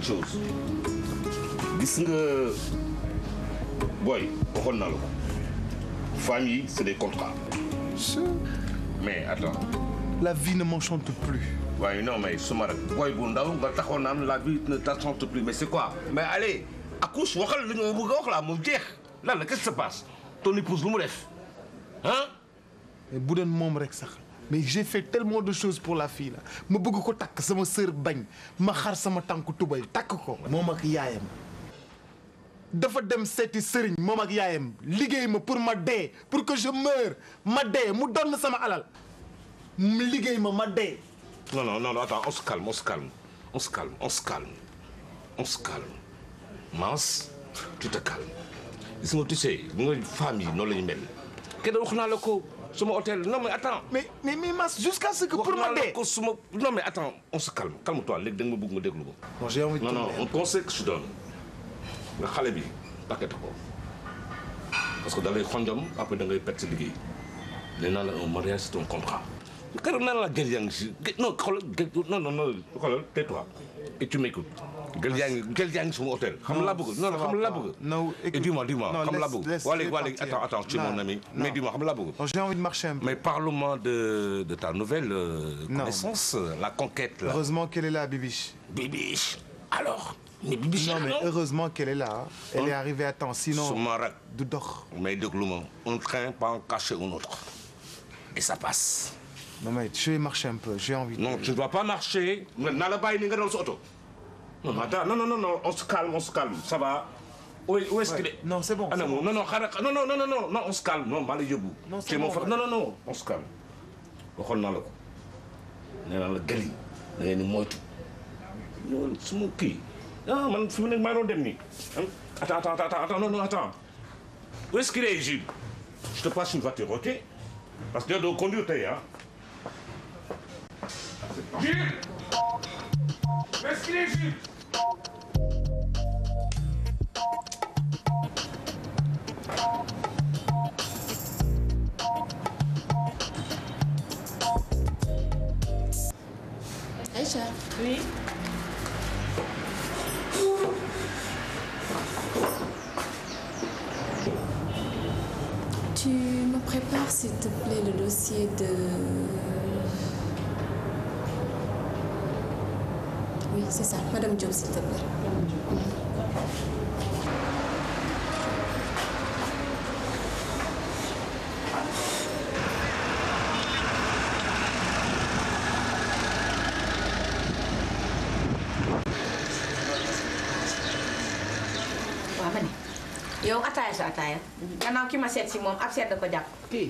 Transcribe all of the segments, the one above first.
une chose dis nga Boy, waxoon famille, c'est des contrats. mais attends. la vie ne m'enchante plus. Oui, non mais suma la vie ne t'enchante plus mais c'est quoi. mais allez accouche waxal nga bëgg qu'est-ce qui se passe ton épouse lu hein Hein Et bu doon moom rek sax mais j'ai fait tellement de choses pour la fille là ma bëgg ko takk sama sœur bañ ma xar sama tànku tubay takk ko moom ak yaayam dafa dem seeti sëriñ moom ak yaayam liggéey ma pour ma dee pour que je meure ma dee mu donn sama alal liggéey ma ma dee non non non attends on se calme on se calme on se calme on se calme Mans, tu te calmes C'est nga tu sais nga femmes yi noonu la ñu mel kenn wax naa la Somme hôtel non mais attends. mais mais mais jusqu'à ce que pour ma non mais attends on se calme calme-toi Les dingues nga ma bëgg non j'ai envie de non non on conseille que je donne La Khalebi, Pas takkate parce que dans les xonjom après da perdre perte liggéey Les nains ont un mariage c'est un contrat. quand nee naa la gerte non non non non tais-toi et tu m'écoutes. Quel genre quel Tu yaa hôtel. xam non non la non dis-moi dis-moi attends attends tu es mon ami. mais dis-moi la j'ai envie de marcher un peu. mais parle-moi de de ta nouvelle. Euh, connaissance la conquête heureusement qu'elle est là Bibiche. Bibiche alors. mais Bibiche non mais heureusement qu'elle est là. elle hein? est arrivée à temps sinon. du dox. mais pas on un train pas en cacher ou autre et ça passe. non mais tu veux marcher un peu j'ai envie. non tu ne dois pas marcher. na la bàyyi ni dans non, attends, non, non, non, non, on se calme, on se calme, ça va. Où, où est-ce ouais. qu'il est Non, c'est bon. Ah, non, bon. non, non, non, non, non, non, non, on se calme, non, Malé Yobou. Non, c'est bon. Frère. Non, non, non, on se calme. On naa la ko nee naa la gëli da ngeen ni moytu je suma kii ah man fi mu nekk attends attends attends attends non non attends où est-ce qu'il est Jules je te passe une voiture ok parce que de conduire tey ah Jules où est-ce qu'il est Jules essayer de. Oui, c'est ça. Madame Job, s'il te plaît. waaw ma ne yow ataaya sa ataaya. gannaaw ki ma seet si moom ab sedd ko jàpp. kii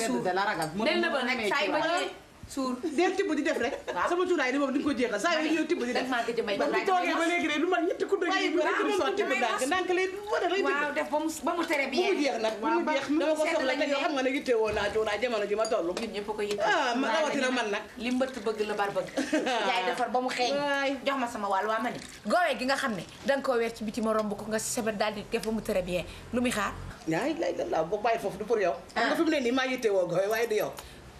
sedd de la ragal. mënul mënul mënul mënul mënul mënul mënul mënul mënul mënul suur del tibb di def rek sama cuuraay ni moom duñ ko jeexal saa yooyu yow tibb di def maa ngi may ba toogee ba léegi de man ñetti ku dëgg yi bu rek du sotti bu ndànk lay wala lay waaw def ba mu ba mu tere bi mu jeex nag mu jeex dama ko soxla te xam nga jamono ji ma ñun ko ah ma rawatina man nag li mbëtt bëgg la bar bëgg yaay defar ba mu xeeñ jox ma sama wàll waa ma ni gi nga xam kan, ne da nga ya, ci biti ma romb ko nga sebet daal di def ba mu tere bien lu muy xaar lay la du pour yow nga du yow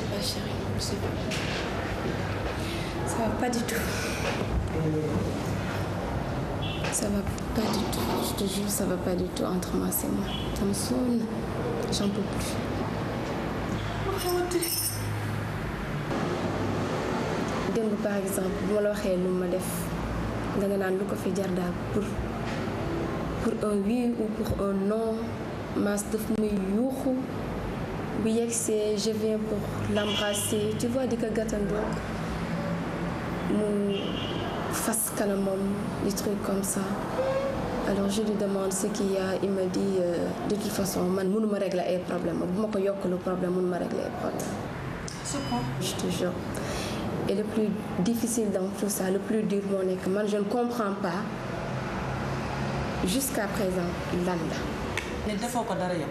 sais pas, chérie, je sais pas. Ça va pas du tout. Ça va pas du tout, je te jure, ça va pas du tout entre moi et moi. Ça me saoule, j'en peux plus. démb par exemple bu ma la waxee lu ma def danga naan lu ko fi jar pour pour un oui ou pour un non maas daf muy yuuxu oui, c'est je viens pour l'embrasser tu vois di ko gàttandoo mu fas kanamam des trucs comme ça alors je lui demande ce qu'il y a il me dit euh, de toute façon man mënuma régler ay problème bu ma ko yokk lu problème mënuma régler ay problème je te jure et le plus difficile dans tout ça le plus dur moo man je ne comprends pas jusqu'à présent lan la. mais fois ko dara yow.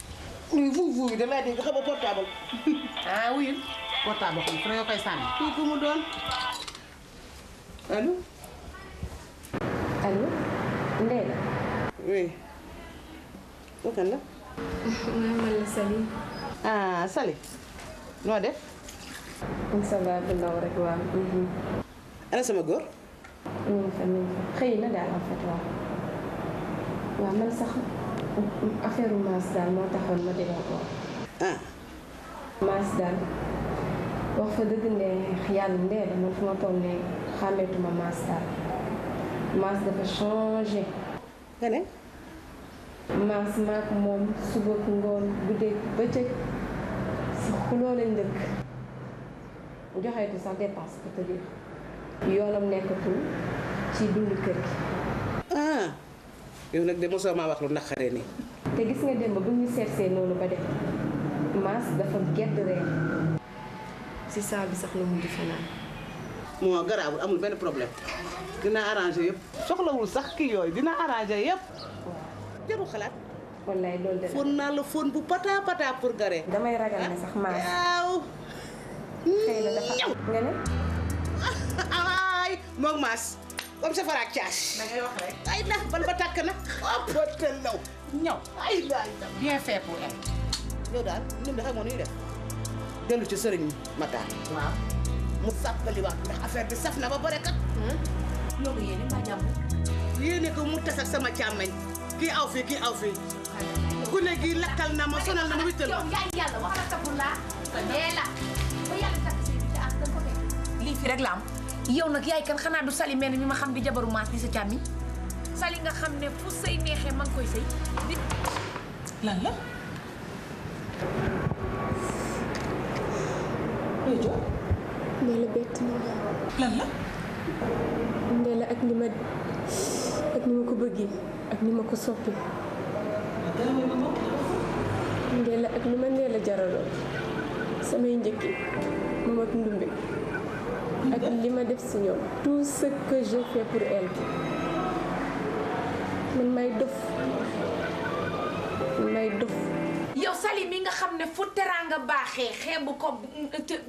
muy fuuf fuuf damay dégg xam nga portable. ah oui portable xam nga nga koy sànni. kii ku mu doon allo. allo Ndeye la. oui. kooku la. maa man la Sali. ah Sali noo def. ça va bu ndaw rek waaw. ana sama góor. ñu ngi fa ñu ngi fa xëy na daal en fait waaw. waaw man sax. affaire maas daal moo taxoon ma demee ko. ah. maas daal wax fa dëgg ne yàlla ndee la man fu ma toll ne xàmmeetuma maas daal maas dafa changé. nga ne. maas maak moom suba ku ngoon guddeeg bëccëg si xuloo lañ dëkk joxeetu sax dépense pour te dire yoonam nekkatul ci dund kër gi. Ah. yow nag de mosoo wax lu naqare nii te gis nga démb bu ñu seetsee noonu ba dem dafa gedd si saa bi sax la mujj fanaan moo garaawul amul benn problème dina arrangé yëpp soxlawul sax kii yooyu dina arrangé yëpp jaru xalaat wallaay loolu de fon la fon bu pata pata pour garé damay ragal ne sax maas waaw xëy dafa nga ne ay comme safara ak caas. da na bal ba takk na. ah oh, ba teel ndaw. ñaw bien fait pour elle. yow daal nu ñuy def dellu ci sëriñ Matar. waaw mu ndax affaire bi saf na ba bare kat. loolu hmm? yéene ko mu tas sama càmmañ kii aw fii kii aw fii. ku ne lakkal na ma sonal na ma wittal ba yàlla takk te am ko lii fi rek la am. yow nak yaay kan xana du sali mel ni mi ma xam di jabaru maas di sa càmmi sali nga xam ne fu sey nexe ma koy sëy lan la jo ndela bett na lan la ndela ak ni ma ak ni ma ko bëggee ak ni ma ko ndela ak ni ma ndela samay ak ndumbe ak li ma def si ñoom tout ce que j'ai pour elle man may dof man may dof yow Sali mi nga xam ne fu teraanga baaxee xeebu ko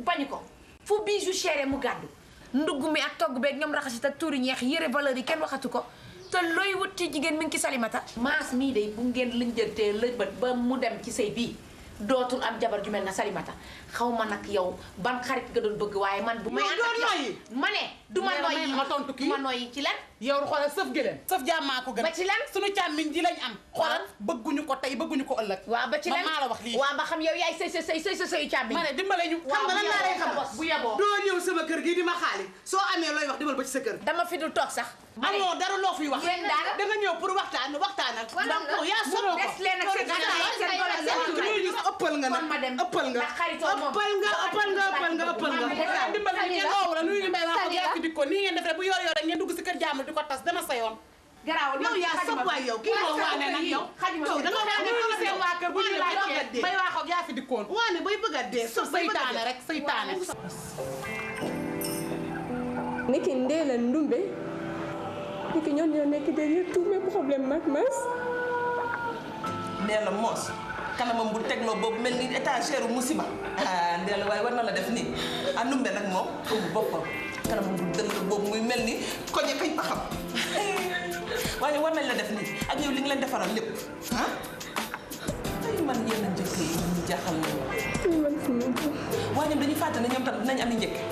bañu ko fu bijou chéré mu gàddu ndugg mi ak togg beeg ñoom raxasit ak tuuri ñeex yére valeur yi kenn waxatu ko te looy wut ci jigéen mi ngi ci Salimata maas mii de bu ngeen lëñjantee lëj ba mu dem ci sëy bii dootul am jabar ju mel na Salimata xaw ma nag yow ban xarit nga doon bëgg waaye man. bu may ànd ak ma ne. du ma noyyi ma tontu kii ma noyyi ci lan. yow xoolal sëf gëlëm. sëf jaamaa ko gën ba ci lan. suñu càmmiñ ji lañ am. xoolal bëgguñu ko tey bëgguñu ko ëllëg. waa ba ci lan ma maa la wax lii. waaw ba xam yow yaay sëy sëy sëy sëy càmmiñ. ma ne dimbale ñu. waaw bu yaboo xam nga lan laa bu yaboo. doo ñëw sama kër gi di ma xaali soo amee looy wax demal ba ci sa kër. dama fi dul toog sax. amoo dara loo fiy wax. yéen ñëw pour waxtaan waxtaanal. donc yaa ko ëppal nga nag ëppal nga ëppal nga ëppal nga yaa fi di ko sa kii moo waane bay waaxoog yaa fi dikkoon waane bay bëgg nekk ndumbe Ndumbé nekk ñoom ñoo nekk derrière tous mes problèmes Mac Mass mos kala mom bu tegloo boobu melni ni étagère musiba ah way war na la def andumbe ah, nak mom ko bu ëmb kala mom bu dënd boobu muy mel ni koñe kañ ba xam war na la def ni ak yow li ngi leen defaral lepp ah ay man yéen a njëkk yi ñu jaaxal nañu. waaye ñoom dañuy tam dinañ am njëkk.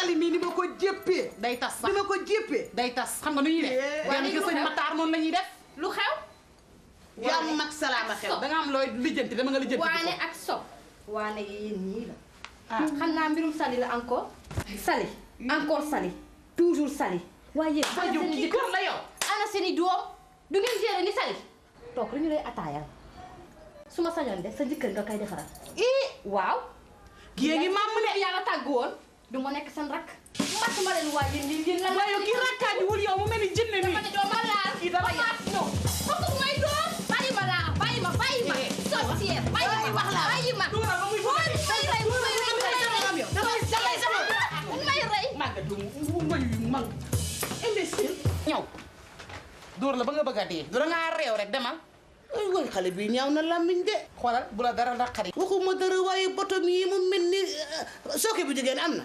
xali mi ni ma ko jéppee day tas sax ni ma ko jéppee day tas xam nga nu ñuy def dem ci sëñ mataar noonu la ñuy def lu xew jàmm mag salaama xew da nga am looy lijjanti dama nga lijjanti waane ak sob waane yéen ñii la ah. Ah. xam mbirum sali la encore sali hmm. encore sali toujours sali waaye fajum ki kër la yow ana seeni doom du ngeen gérer ni sali toog lu ñu lay ataayal su ma sañoon de sa jëkkër nga koy defaral i waaw kii ngi maam ne yàlla tàgg woon du ma nekk seen rakk. mat ma leen waaye yéen yéen lan. waaye kii rakkaat wul yow mu mel ni ma laal kii dara yàq ma may door bàyyi ba muy eh, eh, may rey muy rey rey damay may rey. màggat du mu mbéy mi mag. imbécile. ñëw door la ba nga bëgg a dee. dara ngaa bi ñaaw na làmmiñ de bu la dara naqari waxuma dara mu mel ni euh, sooke bu jigéen am na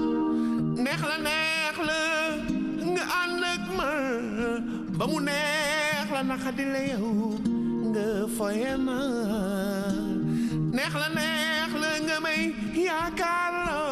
neex la neex la nga ànd ak ma ba mu neex la naqadi yow nga foye ma neex la neex la nga may yaakaar